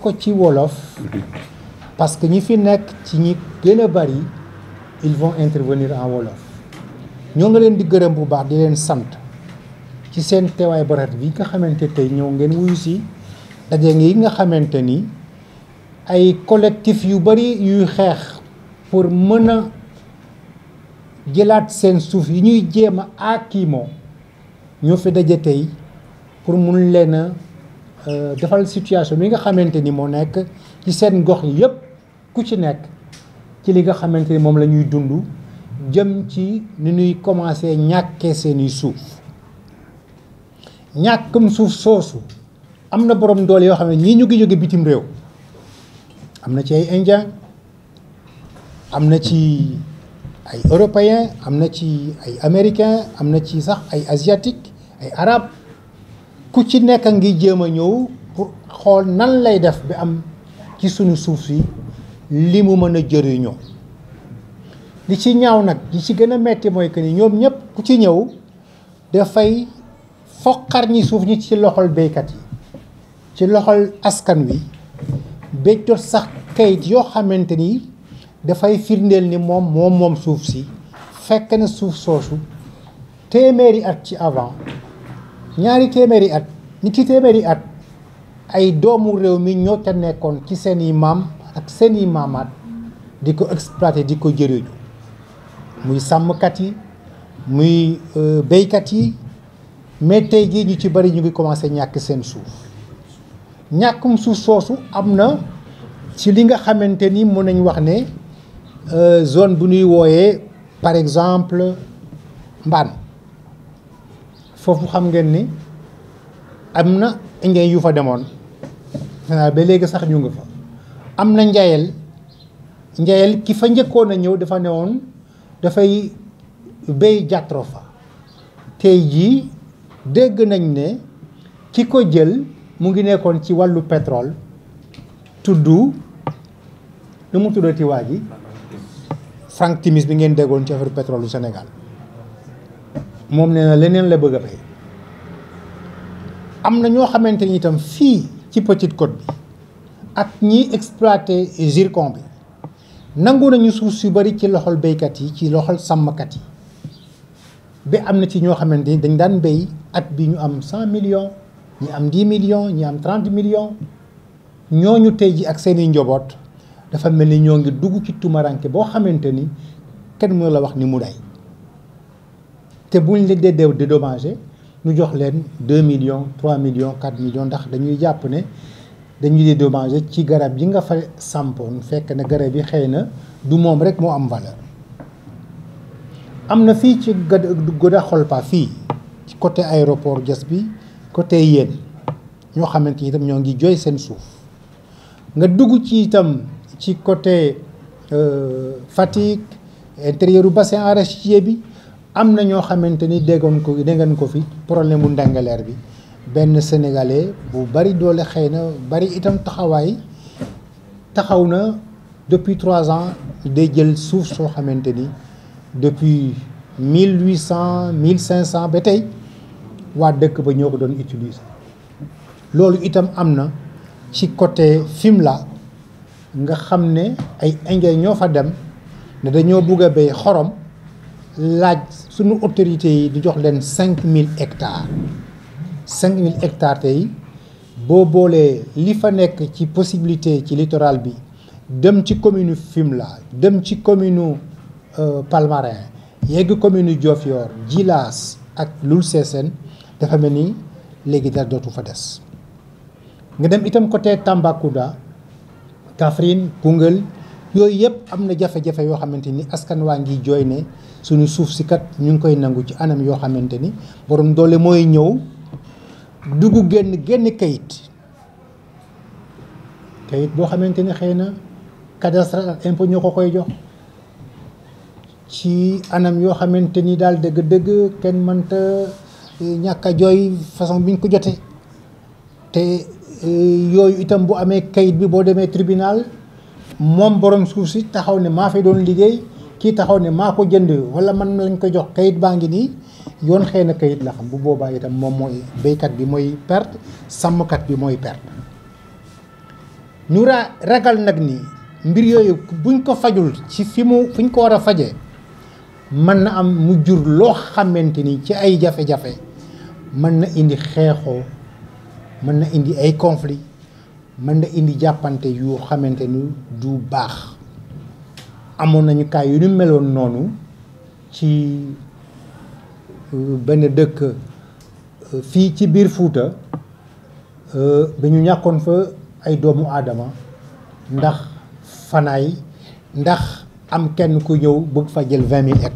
ko ci wolof parce que ñi fi nekk ci ñi gën a bari ils vont intervenir en wolof ñoo ngi leen di gërëm bu baax di leen sant ci seen teewaay barat bi nga xamante tey ñëw ngeen wuyu si daje ngi nga xamante ni ay collectif yu bari yuy xeex pour mën a jëlaat seen suuf yi ñuy jéem a akimoo ñoo fi daje tey pour mun leen Euh, defal situation bi nga xamante ni moo nekk ci seen gox yi yëpp ku ci nekk ci li nga xamante ni moom la ñuy dund jëm ci ni ñuy commencé ñàkkee seeni suuf ñàkkum suuf soosu am na borom doole yoo xam ne ñii ñu ngi jóge bitim réew am na ci ay indien am na ci ay européen am na ci ay américain am na ci sax ay asiatique ay arab ku ci nekk ngi jéem a ñëw xool nan lay def bi am ci sunu suuf si li mu mën a jëriñoo li ci ñaaw nag yi ci gën a metti mooy que ni ñoom ñëpp ku ci ñëw dafay foqar suuf ni ci loxol béykat yi ci loxol askan wi béykat sax kayit yoo xamante ni dafay firndeel ni moom moom moom suuf si fekk na suuf soosu téeméeri at ci avant ñaari téeméeri at ni ci téeméeri at ay doomu réew mi ñoo ca nekkoon ci seen i maam ak seeni i maamaat di ko exploité di ko jëriñu muy sàmmkat yi muy euh, béykat yi mais tey jii ñu ci bari ñu ngi commencé ñàkk seen suuf ñàkkum suuf soosu am na ci li nga xamante ni mën nañ wax ne euh, zone bu ñuy wooyee par exemple Mbane foofu xam ngeen ni am na ngeen yu fa demoon xanaa ba léegi sax ñu ngi fa am na njaayel njaayel ki fa njëkkoon a ñëw dafa woon dafay béy jàtro fa tey jii dégg nañ ne ki ko jël mu ngi nekkoon ci wàllu petrol tudd lu mu tuddati waa ji Frank Timis bi ngeen deggoon ci affaire pétrole du Sénégal moom nee na leneen la bëgg a bay am na ñoo xamante ni itam fii ci Petite bi ak ñiy exploité zircon bi nangu nañu suuf su bari ci loxol béykat yi ci loxol sàmmkat yi bi am na ci ñoo xamante ni dañ daan béy at bi ñu am cent million ñu am dix million ñi am trente millions ñooñu tey ji ak seeni njaboot dafa mel ni ñoo ngi dugg ci tumaranke boo xamante ni kenn mënu la wax ni mu day te buñ leen dee deew dédommagé ñu jox leen 2 millions 3 millions 4 millions ndax dañuy jàpp ne dañuy dédommagé ci garab yi nga fa sampoon fekk na garab yi xëy na du moom rek moo am valeur am na fii ci Goda Xolpa fii ci côté aéroport Diass bi côté yéen ñoo xamante ni itam ñoo ngi jooy seen suuf nga dugg ci itam ci côté euh, Fatick intérieur u bassin arachidier bi am na ñoo xamante ni déggoon ko déggoon ko fi problème bu ndàngaleer bi benn sénégalais bu bari doole xëy na bari itam taxawaay taxaw na depuis trois ans day jël suuf soo xamante ni depuis mille huit cent mille cinq cent ba tey waa dëkk ba ñoo ko doon utiliser loolu itam am na ci côté Fimela nga xam ne ay Indien ñoo fa dem ne dañoo bugg a béy xorom. laaj suñu autorités yi di jox leen cinq mille hectares cinq mille hectares tey boo boolee li fa nekk ci possibilité ci littoral bi dem ci commune Fimela dem ci commune euh, Palmarin yegg commune Diofior Djilas ak Loul Sessène dafa mel ni léegi dara dootu fa des nga dem itam côté Tambacounda Kaffrine Koungheul yooyu yëpp am na jafe-jafe yoo xamante ni askan waa ngi jooy ne suñu suuf si kat ñu ngi koy nangu ci anam yoo xamante ni borom doole mooy ñëw dugg génn génn kayit kayit boo xamante ni xëy na cadastre ak impôt ñoo ko koy jox ci anam yoo xamante ni daal dëgg-dëgg kenn mënta e, ñàkk a jooy façon biñ ko jotee te e, yooyu itam bu amee kayit bi boo demee tribunal moom borom suuf si taxaw ne maa fi doon liggéey kii taxaw ne maa ko jënd wala man lañ ko jox kayit baa ngi nii yoon xëy na kayit la xam bu boobaa itam moom mooy béykat bi mooy perte sàmmkat bi mooy perte ñu ra ragal nag ni mbir yooyu buñ ko fajul ci fi mu fuñ ko war a faje mën na am mu jur loo xamante ni ci ay jafe-jafe mën na indi xeexoo mën na indi ay conflit mën na indi jàppante yu xamante ni du baax amoon nañu kaay yu ñu meloon noonu ci euh, benn dëkk euh, fii ci biir Fuuta euh, bi ñu ñàkkoon fa ay doomu aadama ndax fanaay ndax am kenn ku ñëw bëgg fa jël vingt mille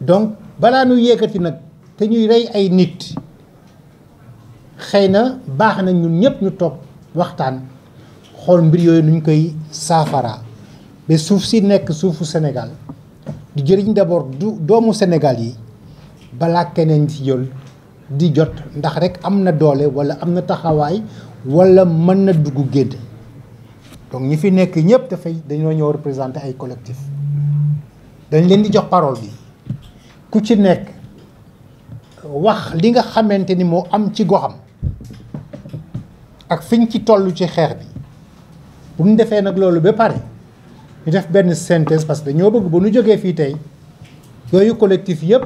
donc balaa ñu yékkati nag te ñuy rey ay nit xëy na baax na ñun ñëpp ñu toog waxtaan xool mbir yooyu nuñ koy saafara ba suuf si nekk suufu senegal di jëriñ d'abord du doomu Sénégal yi balaa keneen ci jël di jot ndax rek am na doole wala am na taxawaay wala mën na dugg génn donc ñu fi nekk ñëpp dafay dañoo ñëw représenter ay collectif dañ leen di jox parole bi ku ci nekk wax li nga xamante ni moo am ci goxam ak fiñ ci toll ci xeex bi bu ñu defee nag loolu ba pare ñu def benn synthèse parce que ñoo bëgg ba ñu jógee fii tey yooyu collectif yëpp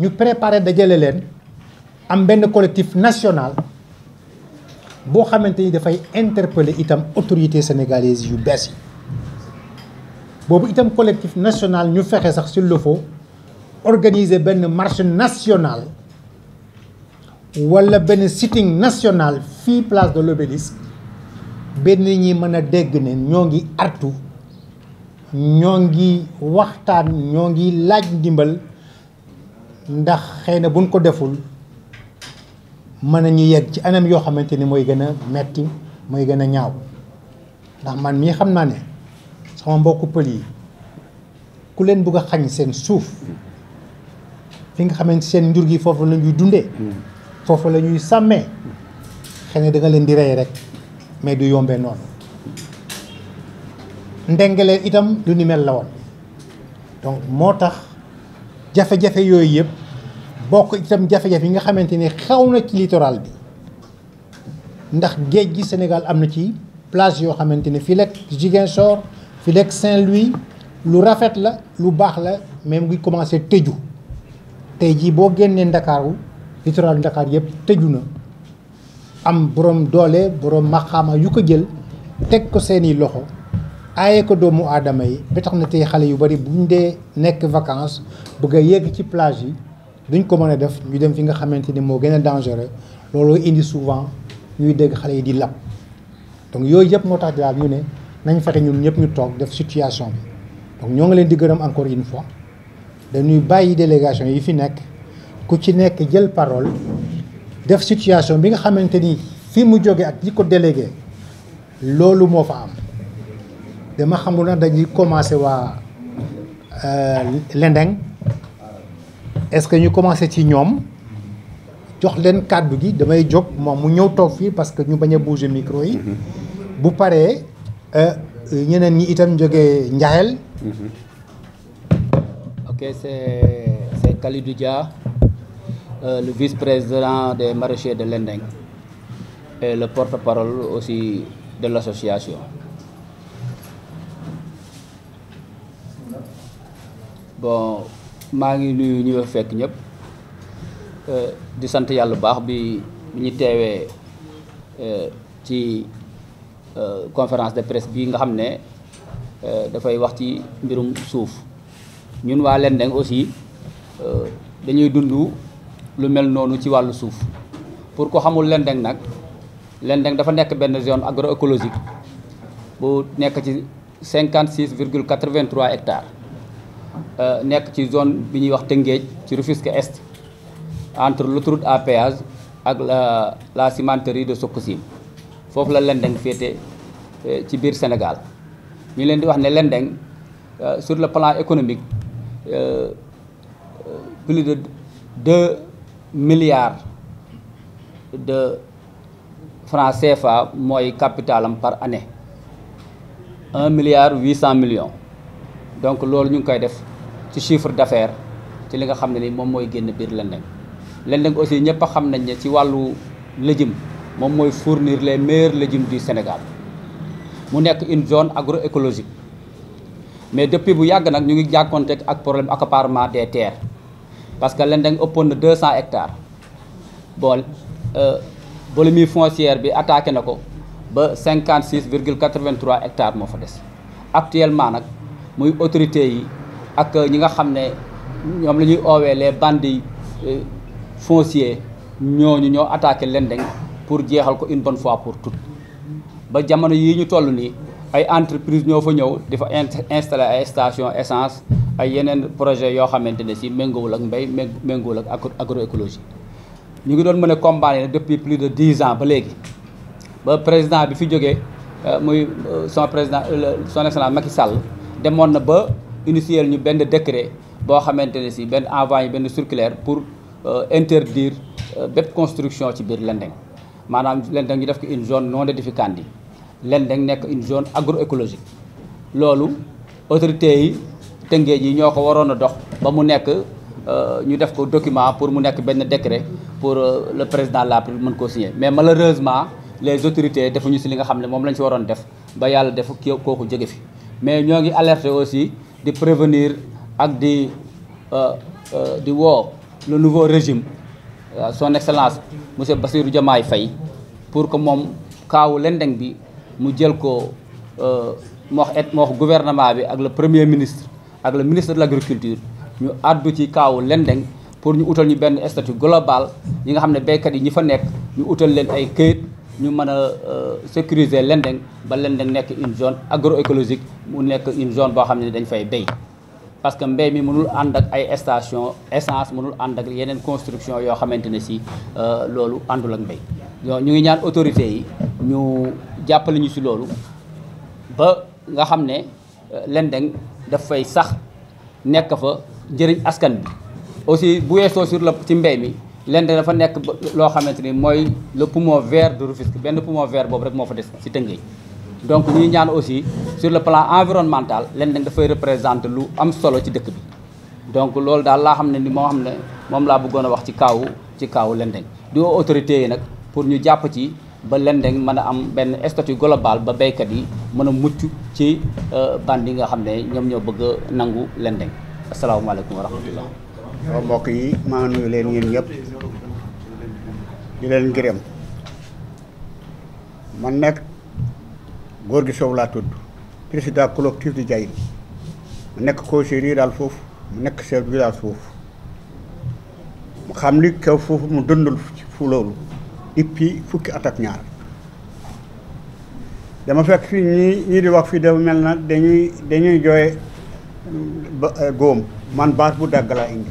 ñu préparé dajale leen am benn collectif national boo xamante ni dafay interpeller itam autorité sénégalaises yu bees yi boobu itam collectif national ñu fexe sax s'il le faut organiser benn marche national wala benn sitting national fii place de l'Obélisque benn ñi mën a dégg ne ñoo ngi artu ñoo ngi waxtaan ñoo ngi laaj ndimbal ndax xëy na buñ ko deful mën nañu yegg ci anam yoo xamante ni mooy gën a metti mooy gën a ñaaw ndax man mii xam naa ne sama mbokk pël yi ku leen bugg a xañ seen suuf fi nga xamante seen njur gi foofu la ñuy dundee foofu la ñuy sàmmee xëy na da leen di rey rek mais du yombee noonu ndengale itam lu ni mel la woon donc moo tax jafe-jafe yooyu yëpp bokk itam jafe-jafe yi nga xamante ni xew na ci littoral bi ndax géej gi Sénégal am na ci plage yoo xamante ni fii lekk Ziguinchor fii lekk Saint-Louis lu rafet la lu baax la mais mu ngi commencé tëju tey jii boo génnee Ndakaaru littoral Ndakaar yëpp tëju na am borom doole borom maxaama yu ko jël teg ko seeni loxo aaye ko doomu aadama yi ba na tey xale yu bari buñ dee nekk vacance bëgg a yegg ci plage yi duñ ko mën a def ñu dem fi nga xamante ni moo gën a dangereux looloo indi souvent ñuy dégg xale yi di lab donc yooyu yëpp moo tax daal ñu ne nañ fexe ñun ñëpp ñu toog def situation bi donc ñoo ngi leen di gërëm encore une fois dañuy bàyyi délégation yi fi nekk ku ci nekk jël parole def situation bi nga xamante ni fi mu jóge ak ñi ko délégué loolu moo fa am dama xamul na dañuy commencer waa euh, Lendeng est-ce que ñu commencer ci ñoom jox leen kàddu gi damay jóg moom mu ñëw toog fii parce que ñu bañ a bouger micro yi. Mhm. bu paree euh, ñeneen ñi itam jógee Njaxel. Mhm. ok c'est c'est Khalidou Dia euh, le vice-président des maraîchers de Lendeng et le porte-parole aussi de l'association. bon maa ngi nuyu ñuy fa fekk ñëpp euh, di sant yàlla bu baax bi ñu teewee euh, ci euh, conférence de presse bii nga xam ne dafay wax ci mbirum suuf ñun waa Lendeng aussi dañuy dund lu mel noonu ci wàllu suuf pour ko xamul Lendeng nag Lendeng dafa nekk benn zone agroécologique bu nekk ci cinquante six virgule quatre hectares. Euh, nekk ci zone bi ñuy wax Tëngéej ci Rufisque Est entre l'autoroute à péage ak la la cimenterie de Sococim foofu la Lendeng féete euh, ci biir Sénégal ñu leen di wax ne Lendeng euh, sur le plan économique plus de deux milliards de france CFA mooy capitalam par année un milliard huit cent millions donc loolu ñu ngi koy def ci chiffre d'affaires ci li nga xam ne ni moom mooy génn biir lendeng lendeng aussi ñëpp xam nañ ne ci wàllu légumes moom mooy fournir les meilleurs légumes du Sénégal mu nekk une zone agro écologique mais depuis bu yàgg nag ñu ngi jàkkoonteeg ak problème accaparement des terres parce que lendeng ëppoon na 200 hectares bool euh, bolomi foncière bi attaqué na ko ba 56 virgule 83 hectares moo fa des actuellement nag. muy autorités yi ak ñi nga xam ne ñoom la ñuy oowee les bandits euh, fonciers ñooñu ñoo attaqué Lendeng pour jeexal ko une bonne fois pour toutes ba jamono yii ñu toll nii ay entreprise ñoo fa ñëw di fa installé ay station essence ay yeneen projet yoo xamante ne si méngoowul ak mbéy méngoowul ak agroécologie ñu ngi doon mën a combattre depuis plus de dix ans ba léegi ba président bi fi jógee euh, muy euh, son président son excellence Macky Sall demoon na ba initier ñu benn décret boo xamante ne si benn envoyé benn surculaire pour euh, interdire euh, bépp construction ci biir Lendeng maanaam Lendeng ñu def ko une zone non aedificandi Lendeng nekk une zone agroécologique loolu autorités yi Tëngéej yi ñoo ko waroon a dox ba mu nekk euh, ñu def ko document pour mu nekk benn décret pour le président de la République mën koo mais malheureusement les autorités defuñu si li nga xam ne moom lañ si waroon def ba yàlla def kii kooku jóge fi mais ñoo ngi alerter aussi di prévenir ak di euh, euh, di woo le nouveau régime euh, son excellence monsieur Bassirou jamaay Faye pour que moom kaawu lendeng bi mu jël ko moo wax et moo wax gouvernement bi ak le premier ministre ak le ministre de l' agriculture ñu àddu ci kaawu lendeng pour ñu utal ñu benn statut global ñi nga xam ne béykat yi ñi fa nekk ñu utal leen ay këyit ñu mën a euh, sécuriser Lendeng ba Lendeng nekk une zone agroécologique mu nekk une zone boo xam ne dañ fay béy parce que mbéy mi munul ànd ak ay station essence munul ànd ak yeneen construction yoo xamante ne si euh, loolu àndul ak mbéy yow ñu ngi ñaan autorités yi ñu jàppale ñu si loolu ba nga xam ne euh, Lendeng daf fay sax nekk fa njëriñ askan bi aussi bu weesoo sur la ci mbéy mi lenn dafa nekk loo xamante ni mooy le poumon vert de Rufisque benn poumon vert boobu rek moo fa des si Tëngéej donc ñuy ñaan aussi sur le plan environnemental lenn dafay représenter lu am solo ci dëkk bi donc loolu daal laa xam ne ni moo xam ne moom laa bëggoon a wax ci kaawu ci kaawu Lendeng di autorité yi nag pour ñu jàpp ci ba Lendeng mën a am benn statut global ba béykat yi mën a mucc ci euh, bandi yi nga xam ne ñoom ñoo bëgg a nangu Lendeng asalaamaaleykum wa waaw mbokk yi maa nuyu leen yéen ñëpp di leen gërëm man nag góor gi Sow laa tudd président collectif di Jayin mu nekk conseiller rural foofu mu nekk chef village foofu mu xam ni kaw foofu mu dundul fu loolu depuis fukki at ak ñaar dama fekk fii ñii ñii di wax fii dafa mel na dañuy dañuy jooy eh, góom man baat bu dàgg laa indi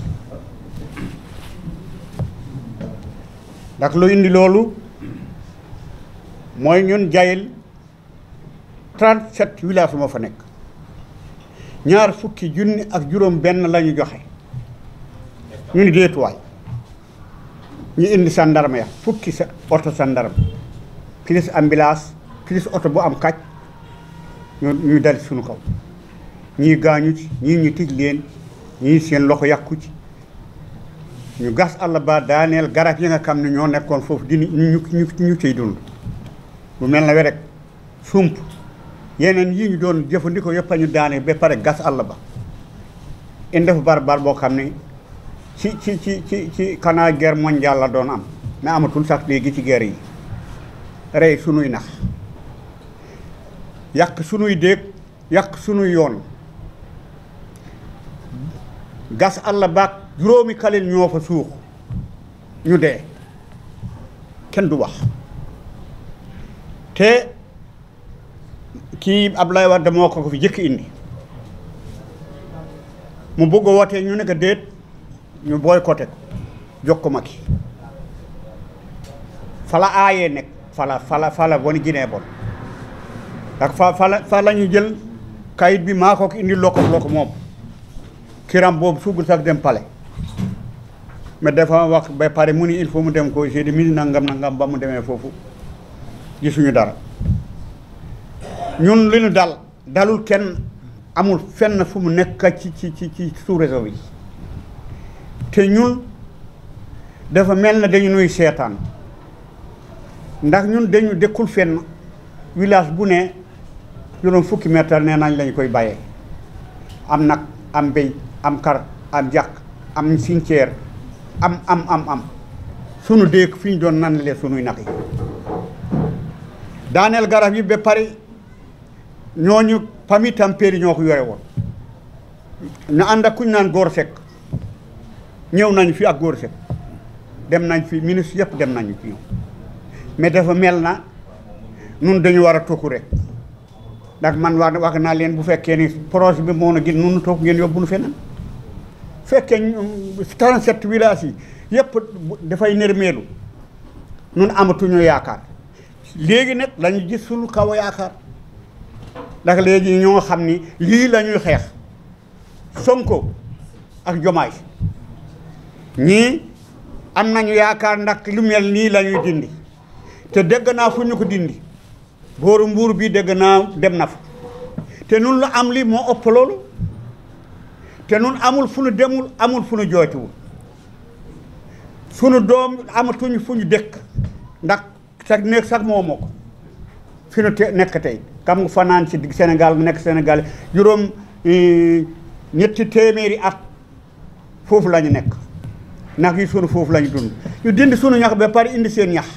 ndax lu indi loolu mooy ñun jayil 37 villages moo fa nekk ñaar fukki junni ak juróom benn la joxe ñu ni déetuwaay ñu indi sandarma ya fukki sa oto sandarma plus ambulance plus oto bu am kàcc ñu ñu dal suñu kaw ñii gaañu ci ñii ñu tij leen ñii seen loxo yàqu ci ñu gas àll ba daaneel garab yi nga xam ne ñoo nekkoon foofu di ñu ñu ñu ciy dund lu mel na we rek sump yeneen yi ñu doon jëfandikoo yëpp ñu daane ba pare gas àll ba indi fa barbar boo xam ne ci ci ci ci ci xanaa guerre mondiale la doon am mais amatul sax léegi ci guerre yi rey sunuy nax yàq sunuy déeg yàq sunuy yoon gas àll baag juróomi kalel ñoo fa suux ñu dee kenn du wax te kii Abdoulaye Wade moo ko fi jëkk indi mu bëgg wootee ñu ne ko déet ñu booy ko jox ko fala aaye nekk fala fala fala woni Guinée bon ndax fa fala fala ñu jël kayit bi maa ko indi lokko lokko moom kiram boobu suubu sax dem pale mais dafa wax ba pare mu ni il faut mu dem ko j'ai dit mi nangam nangam ba mu demee foofu gisuñu dara ñun li ñu dal dalul kenn amul fenn fu mu nekk ci ci ci ci sous-région bi te ñun dafa mel na dañu nuy seetaan ndax ñun dañu dëkkul fenn village bu ne juróom fukki mètre nee nañ lañ koy bàyyee am nag am béy am kar am jàq am cimetière am am am am sunu déeg fi ñu doon nan leen sunuy nag yi daaneel garab yi ba pare ñooñu pami tampéeri ñoo ko yore woon ñu ànd ak kuñ naan góor sekk ñëw nañ fii ak góor dem nañ fii ministre yëpp dem nañu fi ñëw mais dafa mel na nun dañu war a tukku rek ndax man wax wax naa leen bu fekkee ni projet bi moo na gën nunu toog ngeen yóbbu nu feneen fekkee 37 villages yi yëpp dafay nërmeelu nun amatuñu yaakaar léegi nag lañu gis suñu kaw a yaakaar ndax léegi ñoo xam ni lii lañuy ñuy xeex Sonko ak Jomaay ñii am nañu yaakaar ndax lu mel nii la dindi te dégg naa fu ñu ko dindi booru mbuur bi dégg naa dem na fa te nun lu am lii moo ëpp loolu te nun amul fu nu demul amul fu nu jootiwul sunu doom amatuñu fu ñu dëkk ndax sax néeg sax moomoo ko fi nu te nekk tey kam nga fanaan ci Sénégal mu nekk Sénégal juróom euh, ñetti téeméeri at foofu la ñu nekk ndax yi sunu foofu lañu ñu dund ñu dindi sunu ñax ba pare indi seen ñax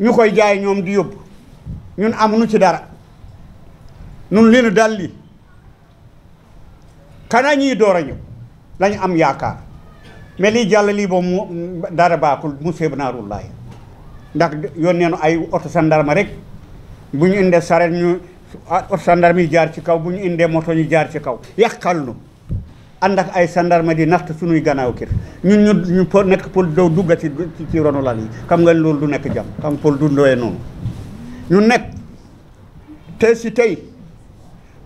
ñu koy jaay ñoom di yóbbu ñun amuñu ci dara ñun li nu dal li xanaa ñuy door lañu am yaakaar mel lii jàll lii boobu mu dara baaxul mu seeb naarullaay ndax nee nu ay oto sandarma rek bu ñu indee saret ñu ah, oto sandarma jaar ci kaw bu ñu indee moto ñu jaar ci kaw yàqal nu ànd ak ay sandarma di naxt suñuy gannaaw kër ñun ñu ñu nekk pour doo dugga ci ci ronu lal yi xam nga loolu du nekk jàmm xam nga pour du ndooyee noonu ñu nekk te si tey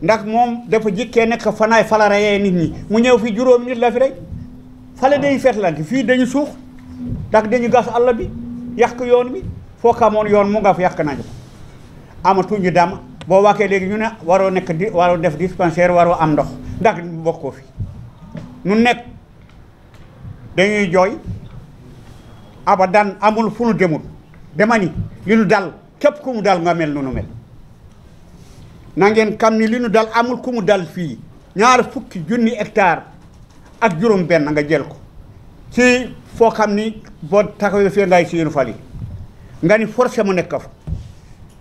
ndax moom dafa jikkee nekk fanaay falare reyee nit ñi mu ñëw fi juróomi nit la fi rey fale dañu fetlante fii dañu suux ndax dañu gas àll bi yàq yoon bi foo xamoon yoon mu nga fi yàq nañu ko amatuñu dama boo waxee léegi ñu ne waroo nekk di waroo def dispensaire waroo am ndox ndax bokkoo fi nu nekk dañuy jooy abadan amul fu nu demul dema ni dal képp ku mu dal nga mel nu nu mel nangeen ngeen ni li nu dal amul ku mu dal fii ñaar fukki junni hectare ak juróom benn nga jël ko ci foo xam ni boo taxawee fee ngay si yéen fal yi nga ni forcé mu nekk fa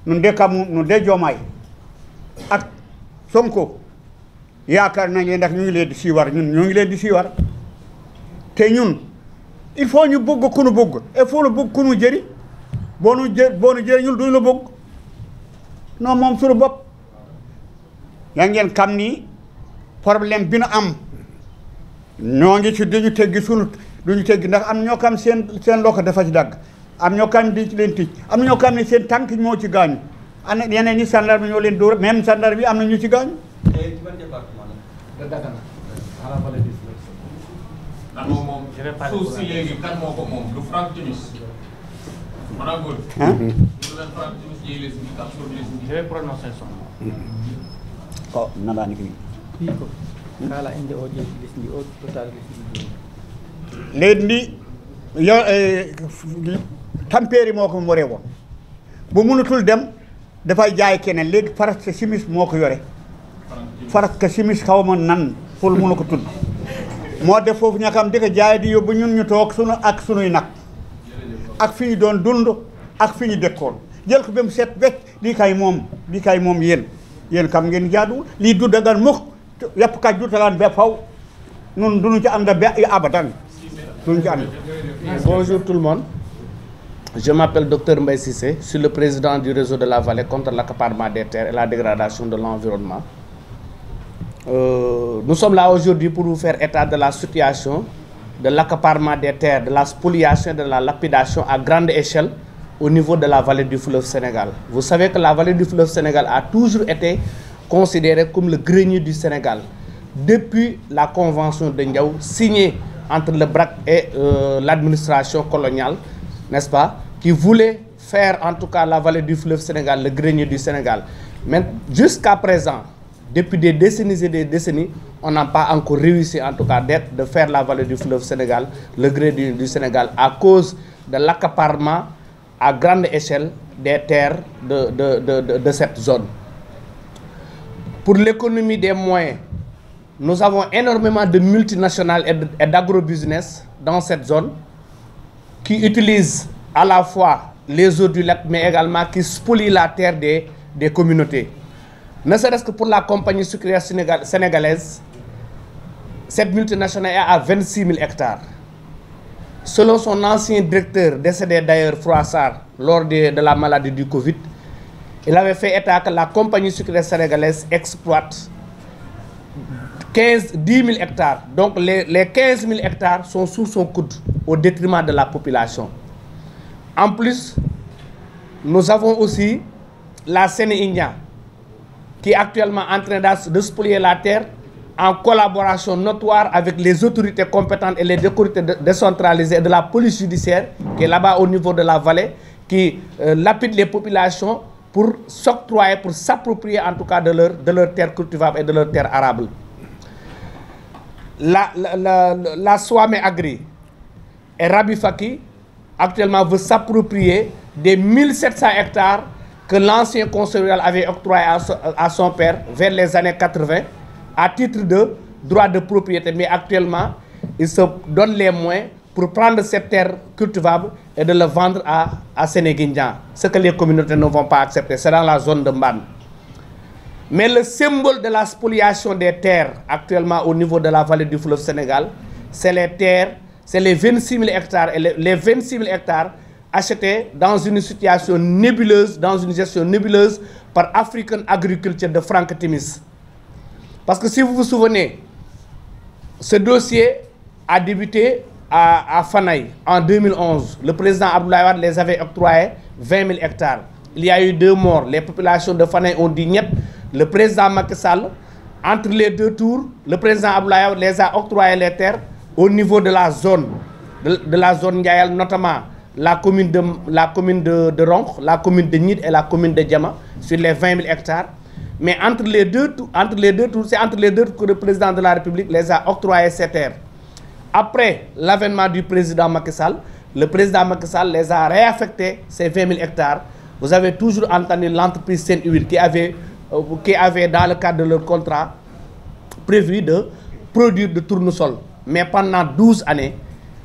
nun de kamu nun de joomaay ak Sonko yaakaar na ngeen ndax ñu ngi leen di siiwar ñun ñu ngi leen di siiwar te ñun il faut ñu bëgg ku nu bëgg il faut lu bëgg ku nu jëri boo nu jë boo nu jëri ñun duñu la bëgg non moom suñu bopp yaa ngeen xam ni problème bi na am ñoo ngi ci duñu teggi sunu duñu teggi ndax am ñoo xam seen seen loxo dafa ci dagg am ñoo xam di leen tij am ñoo xam ne seen tànk moo ci gaañu am na yeneen ñi gendarme ñoo leen dóor même gendarme bi am na ñu ci gaañu. ko nanaani ko wiiko haala eh, moo ko mo rewo bo munatul dem dafay jaay keneen léegi faraka simis moo ko yore faraka simis xaw ma nan ful munu ko tudd moo def foofu ñakam di ko jaay di yóbbu ñun ñu toog sunu ak sunuy nag ak fi ñu doon dund ak fi ñu dëkkoon jël ko ba mu set wecc lii kay moom lii kay moom yéen yéen xam ngeen jaaduwul lii du dagan mukk yàppkat du talaan ba faw nun duñu ci ànd ba abadan duñu ci ànd bonjour tout le monde je m'appelle docteur Mbaye Cissé je suis le président du réseau de la vallée contre l'accaparement des terres et la dégradation de l'environnement euh, nous sommes là aujourd'hui pour vous faire état de la situation de l'accaparement des terres de la spoliation et de la lapidation à grande échelle au niveau de la vallée du fleuve Sénégal. Vous savez que la vallée du fleuve Sénégal a toujours été considérée comme le grenier du Sénégal depuis la convention de Ndiaw signée entre le BRAC et euh, l'administration coloniale, n'est-ce pas, qui voulait faire en tout cas la vallée du fleuve Sénégal, le grenier du Sénégal. Mais jusqu'à présent, depuis des décennies et des décennies, on n'a pas encore réussi en tout cas d'être, de faire la vallée du fleuve Sénégal, le grenier du, Sénégal, à cause de l'accaparement à grande échelle des terres de, de, de, de cette zone. Pour l'économie des moyens, nous avons énormément de multinationales et d'agrobusiness dans cette zone qui utilisent à la fois les eaux du lac, mais également qui spolient la terre des, des communautés. Ne serait-ce que pour la compagnie sucrière sénégalaise, cette multinationale est à 26 000 hectares. Selon son ancien directeur, décédé d'ailleurs Froissart lors de, de, la maladie du Covid, il avait fait état que la compagnie sucrière sénégalaise exploite 15, 10 000 hectares. Donc les, les 15 000 hectares sont sous son coude au détriment de la population. En plus, nous avons aussi la Séné qui est actuellement en train de la terre en collaboration notoire avec les autorités compétentes et les autorités décentralisées de la police judiciaire qui est là-bas au niveau de la vallée, qui euh, lapide les populations pour s'octroyer, pour s'approprier en tout cas de leur, de leur terre cultivable et de leur terre arable. La, la, la, la Swame Agri et Rabi Faki actuellement veut s'approprier des 1700 hectares que l'ancien conseil avait octroyé à, à son père vers les années 80 à titre de droit de propriété. Mais actuellement, ils se donnent les moins pour prendre cette terre cultivable et le vendre à, à Sénéguindian. Ce que les communautés ne vont pas accepter, c'est dans la zone de Mban. Mais le symbole de la spoliation des terres actuellement au niveau de la vallée du fleuve Sénégal, c'est les terres, c'est les 26 000 hectares et les, les 26 000 hectares achetés dans une situation nébuleuse, dans une gestion nébuleuse par African Agriculture de Frank Timis. Parce que si vous vous souvenez, ce dossier a débuté à, à Fanaï en 2011. Le président Abdoulaye Wade les avait octroyés 20 000 hectares. Il y a eu deux morts. Les populations de Fanaï ont dit niet. Le président Macky Sall, entre les deux tours, le président Abdoulaye Wade les a octroyé les terres au niveau de la zone, de, la zone Ndiaël notamment la commune de la commune de, de Ronk, la commune de Nid et la commune de Diama sur les 20 000 hectares. mais entre les deux entre les deux tours c'est entre les deux que le président de la République les a octroyé ces terres après l'avènement du président Macky Sall le président Macky Sall les a réaffectés ces 20 000 hectares vous avez toujours entendu l'entreprise Senhuile qui avait euh, qui avait dans le cadre de leur contrat prévu de produire de tournesol mais pendant 12 années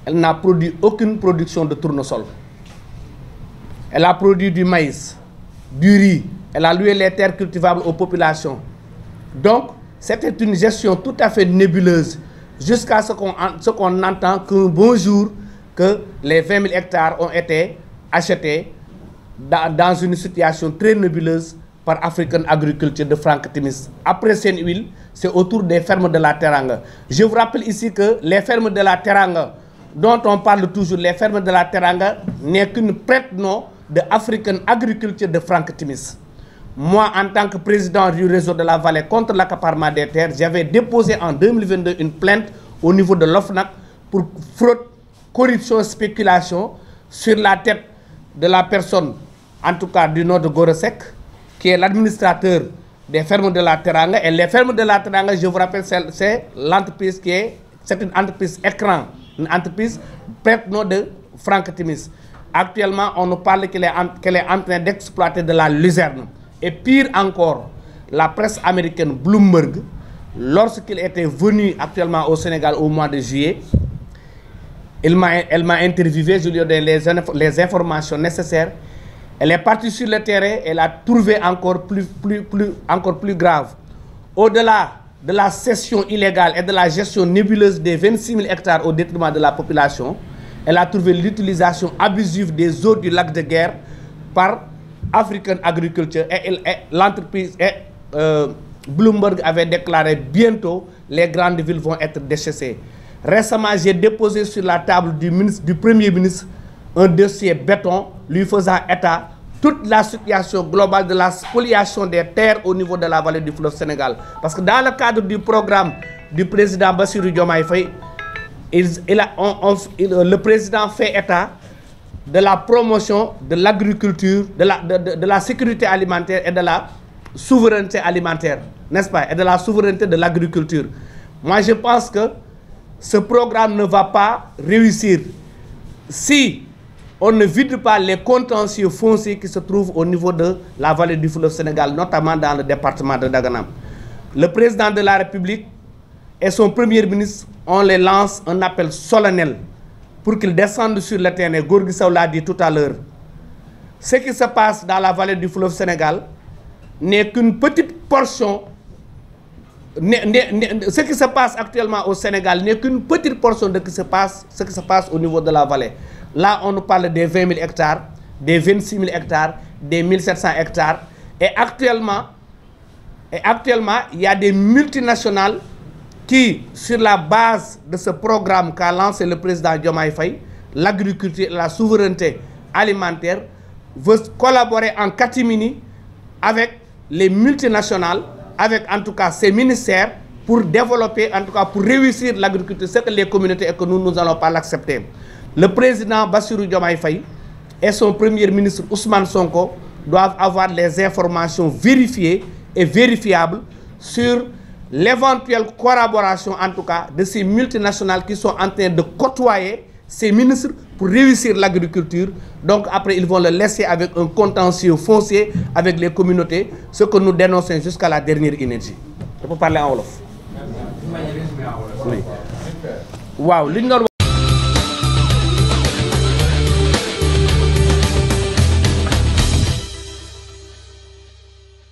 elle n'a produit aucune production de tournesol elle a produit du maïs du riz Elle a loué les terres cultivables aux populations. Donc, c'était une gestion tout à fait nébuleuse jusqu'à ce qu'on qu entend qu'un bon jour, que les 20 000 hectares ont été achetés dans, dans une situation très nébuleuse par African Agriculture de Frank Timis. Après Seine-Huile, c'est autour des fermes de la Teranga. Je vous rappelle ici que les fermes de la Teranga, dont on parle toujours, les fermes de la Teranga, n'est qu'une prête-nom de African Agriculture de Frank Timis. moi, en tant que président du réseau de la vallée contre l'accaparement des terres, j'avais déposé en 2022 une plainte au niveau de l'OFNAC pour fraude, corruption, spéculation sur la tête de la personne, en tout cas du nom de Gorosek, qui est l'administrateur des fermes de la Teranga. Et les fermes de la Teranga, je vous rappelle, c'est l'entreprise qui est, c'est une entreprise écran, une entreprise prête nom de Franck Timis. Actuellement, on nous parle qu'elle est, qu est de la luzerne. Et pire encore, la presse américaine Bloomberg, lorsqu'il était venu actuellement au Sénégal au mois de juillet, elle m'a interviewé, je lui ai donné les, les, informations nécessaires. Elle est partie sur le terrain, elle a trouvé encore plus, plus, plus, encore plus grave. Au-delà de la cession illégale et de la gestion nébuleuse des 26 000 hectares au détriment de la population, elle a trouvé l'utilisation abusive des eaux du lac de guerre par African Agriculture et, et l'entreprise euh, Bloomberg avait déclaré bientôt les grandes villes vont être déchaissées. Récemment, j'ai déposé sur la table du, ministre, du Premier ministre un dossier béton lui faisant état toute la situation globale de la spoliation des terres au niveau de la vallée du fleuve Sénégal. Parce que dans le cadre du programme du président Bassirou Diomaye Faye, il, il a, on, on, il, le président fait état de la promotion de l'agriculture, de la, de, de, de, la sécurité alimentaire et de la souveraineté alimentaire, n'est-ce pas Et de la souveraineté de l'agriculture. Moi, je pense que ce programme ne va pas réussir si on ne vide pas les contentieux fonciers qui se trouvent au niveau de la vallée du fleuve Sénégal, notamment dans le département de Daganam. Le président de la République et son premier ministre, on les lance un appel solennel pour qu'ils descendent sur le terrain. Gorgui Sow l'a dit tout à l'heure. Ce qui se passe dans la vallée du fleuve Sénégal n'est qu'une petite portion. N est, n ce qui se passe actuellement au Sénégal n'est qu'une petite portion de ce qui, se passe, ce qui se passe au niveau de la vallée. Là, on nous parle des 20 000 hectares, des vingt 000 hectares, des 1700 hectares. Et actuellement, et actuellement, il y a des multinationales qui, sur la base de ce programme qu'a lancé le président Diomaye Faye, l'agriculture et la souveraineté alimentaire, veut collaborer en catimini avec les multinationales, avec en tout cas ces ministères, pour développer, en tout cas pour réussir l'agriculture, c'est que les communautés et que nous, nous n'allons pas Le président Bassirou Diomaye Faye et son premier ministre Ousmane Sonko doivent avoir les informations vérifiées et vérifiables l'éventuelle collaboration en tout cas de ces multinationales qui sont en train de côtoyer ces ministres pour réussir l'agriculture. Donc après, ils vont le laisser avec un contentieux foncier avec les communautés, ce que nous dénonçons jusqu'à la dernière énergie. Je parler en Wolof. Oui. Wow.